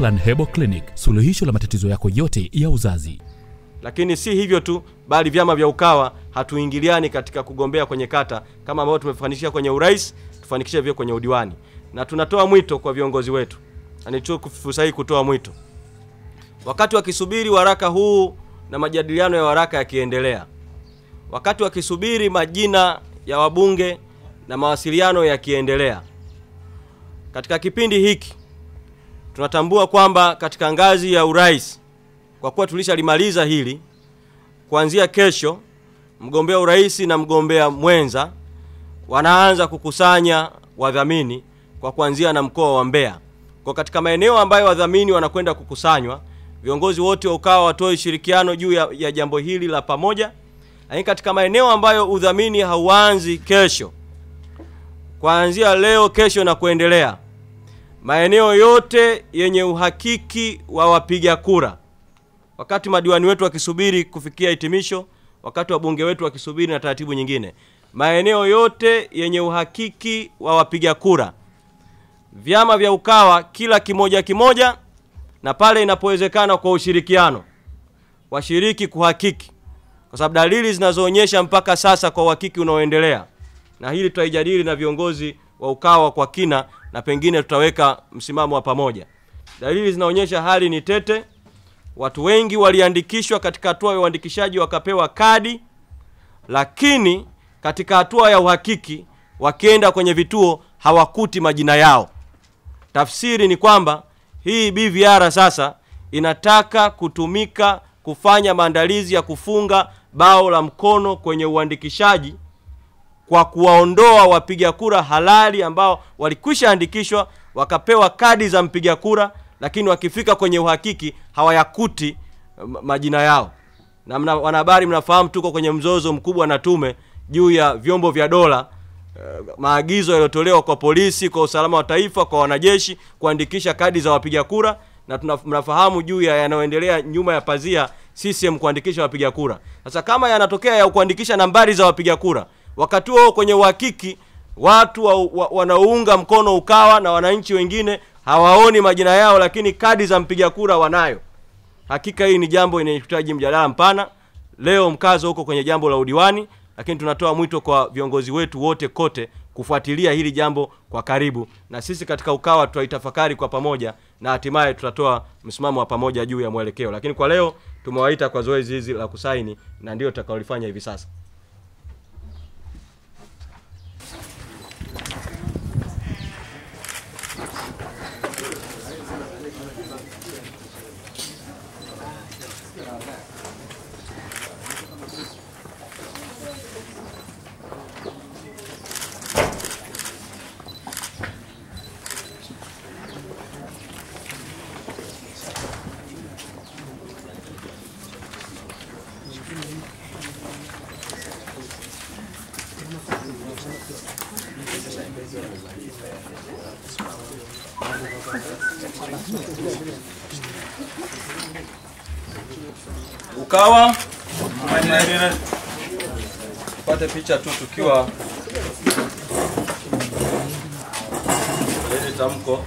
Plan Hebo Clinic, suluhisho la matatizo yako yote ya uzazi. Lakini si hivyo tu, bali vyama vya Ukawa hatuingiliani katika kugombea kwenye kata, kama ambavyo tumefanikisha kwenye urais, tufanikishe vyo kwenye udiwani, na tunatoa mwito kwa viongozi wetu. Nichukue fursa hii kutoa mwito, wakati wakisubiri waraka huu na majadiliano ya waraka yakiendelea, wakati wakisubiri majina ya wabunge na mawasiliano yakiendelea, katika kipindi hiki tunatambua kwamba katika ngazi ya urais kwa kuwa tulishalimaliza hili kuanzia kesho mgombea urais na mgombea mwenza wanaanza kukusanya wadhamini kwa kuanzia na mkoa wa Mbeya. Kwa katika maeneo ambayo wadhamini wanakwenda kukusanywa, viongozi wote wa UKAWA watoe ushirikiano juu ya, ya jambo hili la pamoja. Lakini katika maeneo ambayo udhamini hauanzi kesho, kuanzia leo, kesho na kuendelea maeneo yote yenye uhakiki wa wapiga kura, wakati madiwani wetu wakisubiri kufikia hitimisho, wakati wabunge wetu wakisubiri na taratibu nyingine, maeneo yote yenye uhakiki wa wapiga kura, vyama vya Ukawa kila kimoja kimoja, na pale inapowezekana kwa ushirikiano washiriki kuhakiki, kwa sababu dalili zinazoonyesha mpaka sasa kwa uhakiki unaoendelea, na hili tutaijadili na viongozi wa ukawa kwa kina na pengine tutaweka msimamo wa pamoja dalili zinaonyesha hali ni tete watu wengi waliandikishwa katika hatua ya uandikishaji wakapewa kadi lakini katika hatua ya uhakiki wakienda kwenye vituo hawakuti majina yao tafsiri ni kwamba hii bvr sasa inataka kutumika kufanya maandalizi ya kufunga bao la mkono kwenye uandikishaji kwa kuwaondoa wapiga kura halali ambao walikwishaandikishwa wakapewa kadi za mpiga kura, lakini wakifika kwenye uhakiki hawayakuti um, majina yao. Na mna, wanahabari, mnafahamu tuko kwenye mzozo mkubwa na tume juu ya vyombo vya dola uh, maagizo yaliyotolewa kwa polisi, kwa usalama wa taifa, kwa wanajeshi kuandikisha kadi za wapiga kura, na mnafahamu juu ya yanayoendelea nyuma ya pazia CCM kuandikisha wapiga kura. Sasa kama yanatokea ya kuandikisha nambari za wapiga kura Wakati huo kwenye uhakiki watu wa, wa, wanaounga mkono Ukawa na wananchi wengine hawaoni majina yao, lakini kadi za mpiga kura wanayo. Hakika hii ni jambo inayohitaji mjadala mpana. Leo mkazo huko kwenye jambo la udiwani, lakini tunatoa mwito kwa viongozi wetu wote kote kufuatilia hili jambo kwa karibu, na sisi katika Ukawa tutaitafakari kwa pamoja na hatimaye tutatoa msimamo wa pamoja juu ya mwelekeo. Lakini kwa leo tumewaita kwa zoezi hizi la kusaini, na ndio tutakaolifanya hivi sasa. tukawa pate picha tu tukiwa hili tamko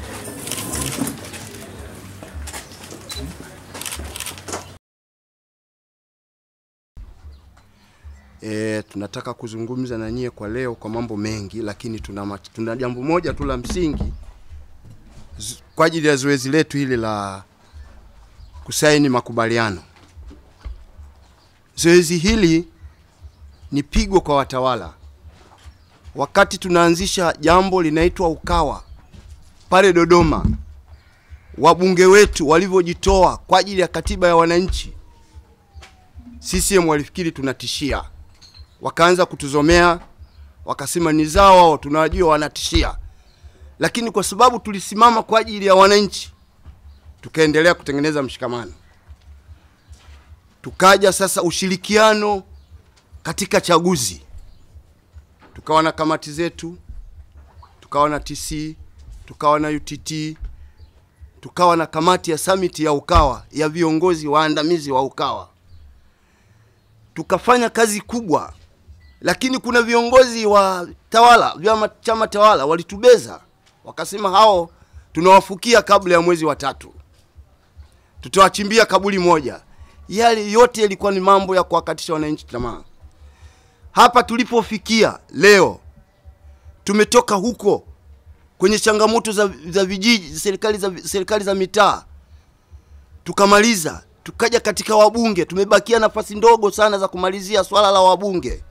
E, tunataka kuzungumza na nyie kwa leo kwa mambo mengi, lakini tuna, tuna jambo moja tu la msingi kwa ajili ya zoezi letu hili la kusaini makubaliano. Zoezi hili ni pigo kwa watawala. Wakati tunaanzisha jambo linaitwa Ukawa pale Dodoma, wabunge wetu walivyojitoa kwa ajili ya katiba ya wananchi, CCM walifikiri tunatishia, wakaanza kutuzomea, wakasema ni zao wao, tunawajua wanatishia. Lakini kwa sababu tulisimama kwa ajili ya wananchi, tukaendelea kutengeneza mshikamano. Tukaja sasa ushirikiano katika chaguzi, tukawa na kamati zetu, tukawa na TC, tukawa na UTT, tukawa na kamati ya samiti ya Ukawa ya viongozi waandamizi wa Ukawa, tukafanya kazi kubwa, lakini kuna viongozi wa tawala vyama chama tawala walitubeza, wakasema hao tunawafukia kabla ya mwezi wa tatu, tutawachimbia kaburi moja yale yote yalikuwa ni mambo ya kuwakatisha wananchi tamaa. Hapa tulipofikia leo, tumetoka huko kwenye changamoto za, za vijiji, serikali za, serikali za mitaa, tukamaliza tukaja katika wabunge, tumebakia nafasi ndogo sana za kumalizia swala la wabunge.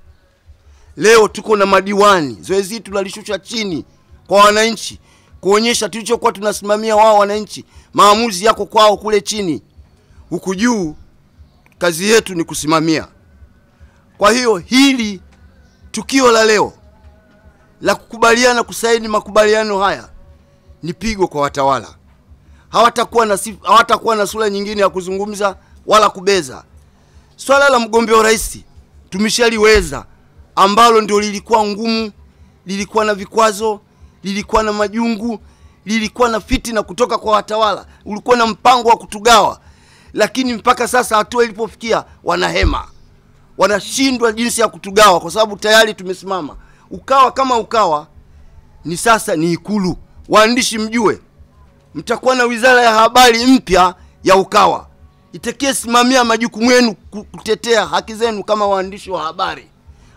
Leo tuko na madiwani, zoezi hili tunalishusha chini kwa wananchi, kuonyesha tulichokuwa tunasimamia wao wananchi, maamuzi yako kwao kule chini, huku juu kazi yetu ni kusimamia. Kwa hiyo hili tukio la leo la kukubaliana kusaini makubaliano haya ni pigo kwa watawala. Hawatakuwa na, hawatakuwa na sura nyingine ya kuzungumza wala kubeza. Swala la mgombea rais tumeshaliweza, ambalo ndio lilikuwa ngumu, lilikuwa na vikwazo, lilikuwa na majungu, lilikuwa na fitina kutoka kwa watawala, ulikuwa na mpango wa kutugawa lakini mpaka sasa hatua ilipofikia wanahema, wanashindwa jinsi ya kutugawa, kwa sababu tayari tumesimama. Ukawa kama Ukawa ni sasa ni Ikulu. Waandishi mjue, mtakuwa na wizara ya habari mpya ya Ukawa itakiesimamia majukumu yenu kutetea haki zenu kama waandishi wa habari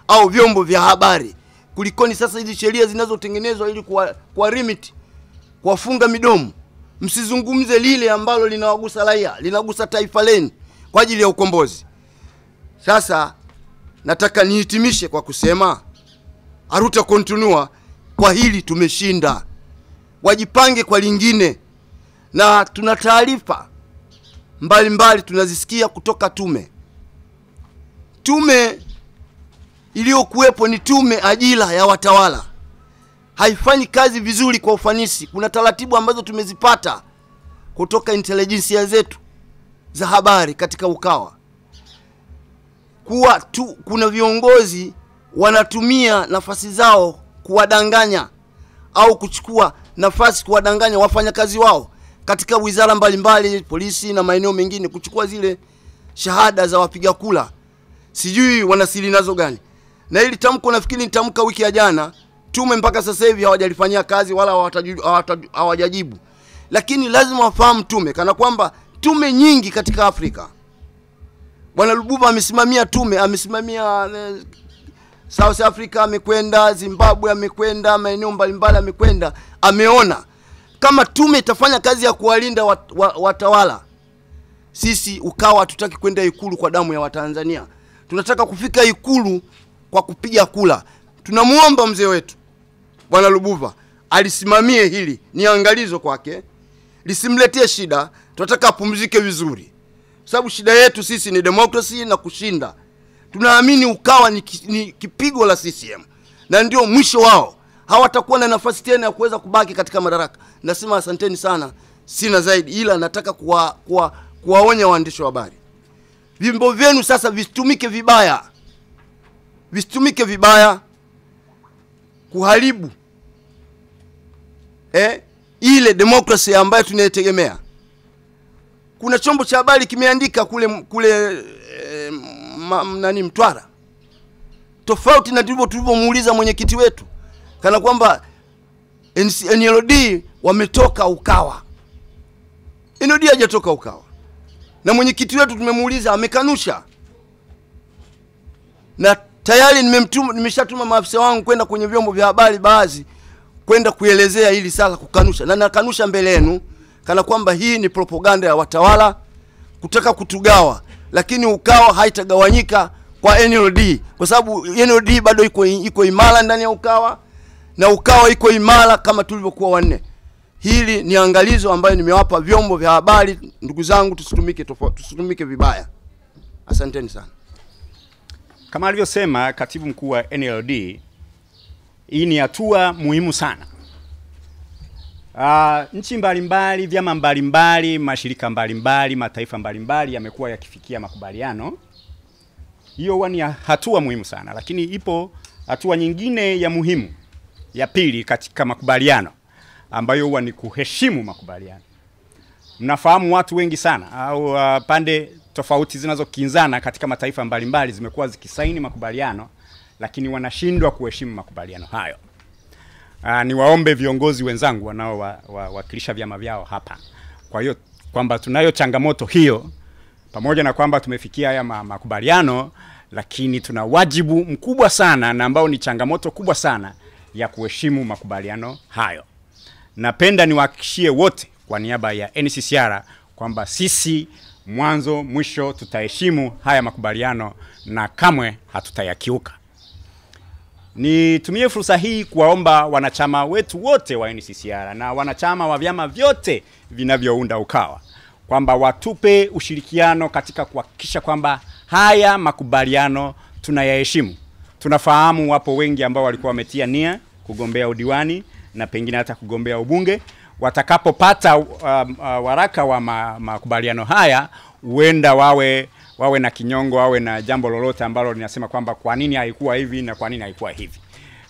au vyombo vya habari, kulikoni sasa hizi sheria zinazotengenezwa ili kuwa, kuwa limit kuwafunga midomo msizungumze lile ambalo linawagusa raia, linagusa taifa leni kwa ajili ya ukombozi. Sasa nataka nihitimishe kwa kusema Aruta kontinua kwa hili tumeshinda, wajipange kwa lingine, na tuna taarifa mbalimbali tunazisikia kutoka tume tume iliyokuwepo ni tume ajira ya watawala haifanyi kazi vizuri kwa ufanisi. Kuna taratibu ambazo tumezipata kutoka intelijensia zetu za habari katika Ukawa kuwa tu kuna viongozi wanatumia nafasi zao kuwadanganya au kuchukua nafasi kuwadanganya wafanyakazi wao katika wizara mbalimbali mbali, polisi na maeneo mengine, kuchukua zile shahada za wapiga kula, sijui wanasiri nazo gani. Na ili tamko nafikiri nitamka wiki ya jana mitume mpaka sasa hivi hawajalifanyia kazi wala hawajajibu, lakini lazima wafahamu tume, kana kwamba tume nyingi katika Afrika. Bwana Lububa amesimamia tume, amesimamia eh, South Africa, amekwenda Zimbabwe, amekwenda maeneo mbalimbali, amekwenda ameona. Kama tume itafanya kazi ya kuwalinda wat, wat, watawala, sisi ukawa hatutaki kwenda Ikulu kwa damu ya Watanzania, tunataka kufika Ikulu kwa kupiga kula. Tunamuomba mzee wetu Bwana Lubuva alisimamie hili, ni angalizo kwake, lisimletee shida. Tunataka apumzike vizuri, sababu shida yetu sisi ni demokrasi na kushinda. Tunaamini Ukawa ni, ni kipigo la CCM na ndio mwisho wao, hawatakuwa na nafasi tena ya kuweza kubaki katika madaraka. Nasema asanteni sana, sina zaidi, ila nataka kuwa, kuwa, kuwaonya waandishi wa habari, vyombo vyenu sasa visitumike vibaya, visitumike vibaya kuharibu eh, ile demokrasi ambayo tunaitegemea. Kuna chombo cha habari kimeandika kule kule eh, nani Mtwara, tofauti na tulivyo tulivyomuuliza mwenyekiti wetu, kana kwamba NLD wametoka Ukawa. NLD hajatoka Ukawa, na mwenyekiti wetu tumemuuliza, amekanusha na tayari nimeshatuma maafisa wangu kwenda kwenye vyombo vya habari baadhi kwenda kuelezea hili sala, kukanusha na nakanusha mbele yenu kana kwamba hii ni propaganda ya watawala kutaka kutugawa, lakini Ukawa haitagawanyika kwa NLD kwa sababu NLD bado iko iko imara ndani ya Ukawa na Ukawa iko imara kama tulivyokuwa wanne. Hili ni angalizo ambayo nimewapa vyombo vya habari. Ndugu zangu, tusitumike tofauti, tusitumike vibaya. Asanteni sana. Kama alivyosema katibu mkuu wa NLD, hii ni hatua muhimu sana. Uh, nchi mbalimbali, vyama mbalimbali, mashirika mbalimbali, mataifa mbalimbali yamekuwa yakifikia makubaliano. Hiyo huwa ni hatua muhimu sana, lakini ipo hatua nyingine ya muhimu ya pili katika makubaliano ambayo huwa ni kuheshimu makubaliano. Mnafahamu watu wengi sana au uh, pande tofauti zinazokinzana katika mataifa mbalimbali zimekuwa zikisaini makubaliano lakini wanashindwa kuheshimu makubaliano hayo. Aa, ah, niwaombe viongozi wenzangu wanaowakilisha wa, wa, vyama vyao hapa, kwa hiyo kwamba tunayo changamoto hiyo, pamoja na kwamba tumefikia haya makubaliano, lakini tuna wajibu mkubwa sana na ambao ni changamoto kubwa sana ya kuheshimu makubaliano hayo. Napenda niwahakikishie wote kwa niaba ya NCCR kwamba sisi mwanzo mwisho tutaheshimu haya makubaliano na kamwe hatutayakiuka. Nitumie fursa hii kuwaomba wanachama wetu wote wa NCCR na wanachama wa vyama vyote vinavyounda Ukawa kwamba watupe ushirikiano katika kuhakikisha kwamba haya makubaliano tunayaheshimu. Tunafahamu wapo wengi ambao walikuwa wametia nia kugombea udiwani na pengine hata kugombea ubunge watakapopata uh, uh, waraka wa ma, makubaliano haya huenda wawe wawe na kinyongo, wawe na jambo lolote ambalo linasema kwamba kwa nini haikuwa hivi na kwa nini haikuwa hivi.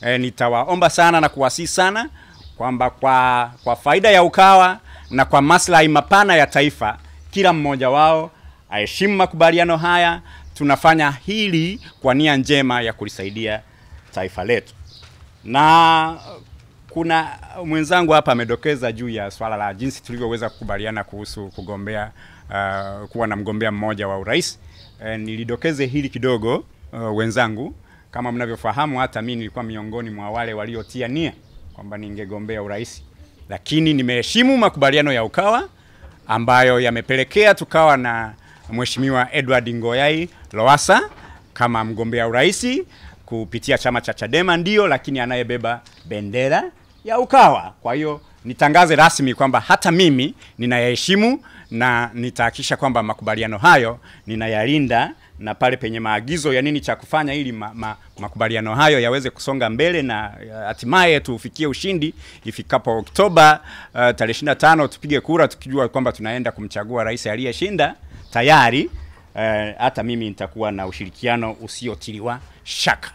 E, nitawaomba sana na kuwasihi sana kwamba kwa, kwa faida ya Ukawa na kwa maslahi mapana ya taifa, kila mmoja wao aheshimu makubaliano haya. Tunafanya hili kwa nia njema ya kulisaidia taifa letu na kuna mwenzangu hapa amedokeza juu ya swala la jinsi tulivyoweza kukubaliana kuhusu kugombea uh, kuwa na mgombea mmoja wa urais. E, nilidokeze hili kidogo uh, wenzangu. Kama mnavyofahamu, hata mimi nilikuwa miongoni mwa wale waliotia nia kwamba ningegombea urais, lakini nimeheshimu makubaliano ya Ukawa ambayo yamepelekea tukawa na Mheshimiwa Edward Ngoyai Lowassa kama mgombea urais kupitia chama cha Chadema, ndio, lakini anayebeba bendera ya Ukawa. Kwa hiyo nitangaze rasmi kwamba hata mimi ninayaheshimu na nitahakisha kwamba makubaliano hayo ninayalinda na pale penye maagizo ya nini cha kufanya ili ma, ma, makubaliano hayo yaweze kusonga mbele na hatimaye tufikie ushindi ifikapo Oktoba uh, tarehe 25 tupige kura tukijua kwamba tunaenda kumchagua rais aliyeshinda tayari. Uh, hata mimi nitakuwa na ushirikiano usiotiliwa shaka.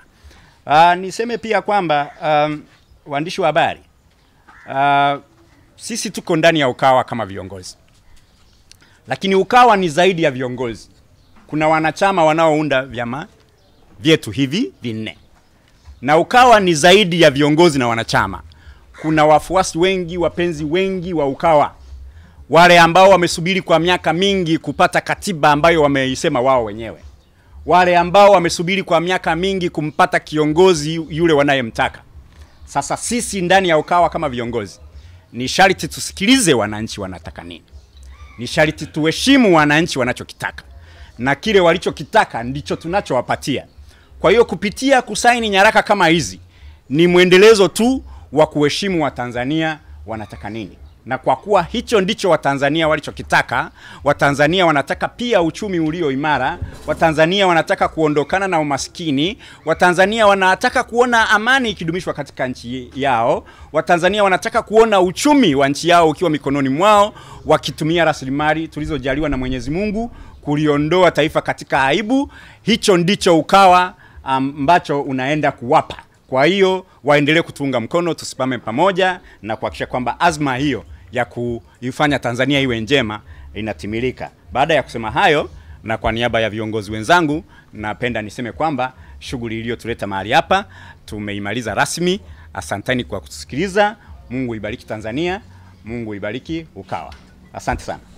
Uh, niseme pia kwamba um, waandishi wa habari uh, sisi tuko ndani ya Ukawa kama viongozi, lakini Ukawa ni zaidi ya viongozi. Kuna wanachama wanaounda vyama vyetu hivi vinne, na Ukawa ni zaidi ya viongozi na wanachama. Kuna wafuasi wengi, wapenzi wengi wa Ukawa, wale ambao wamesubiri kwa miaka mingi kupata katiba ambayo wameisema wao wenyewe, wale ambao wamesubiri kwa miaka mingi kumpata kiongozi yule wanayemtaka sasa sisi ndani ya Ukawa kama viongozi ni sharti tusikilize wananchi wanataka nini, ni sharti tuheshimu wananchi wanachokitaka, na kile walichokitaka ndicho tunachowapatia. Kwa hiyo kupitia kusaini nyaraka kama hizi ni mwendelezo tu wa kuheshimu Watanzania wanataka nini na kwa kuwa hicho ndicho Watanzania walichokitaka, Watanzania wanataka pia uchumi ulio imara, Watanzania wanataka kuondokana na umaskini, Watanzania wanataka kuona amani ikidumishwa katika nchi yao, Watanzania wanataka kuona uchumi wa nchi yao ukiwa mikononi mwao, wakitumia rasilimali tulizojaliwa na Mwenyezi Mungu kuliondoa taifa katika aibu. Hicho ndicho Ukawa um, ambacho unaenda kuwapa. Kwa hiyo waendelee kutunga mkono, tusimame pamoja na kuhakikisha kwamba azma hiyo ya kuifanya Tanzania iwe njema inatimilika. Baada ya kusema hayo, na kwa niaba ya viongozi wenzangu, napenda niseme kwamba shughuli iliyotuleta mahali hapa tumeimaliza rasmi. Asanteni kwa kutusikiliza. Mungu ibariki Tanzania, Mungu ibariki UKAWA. Asante sana.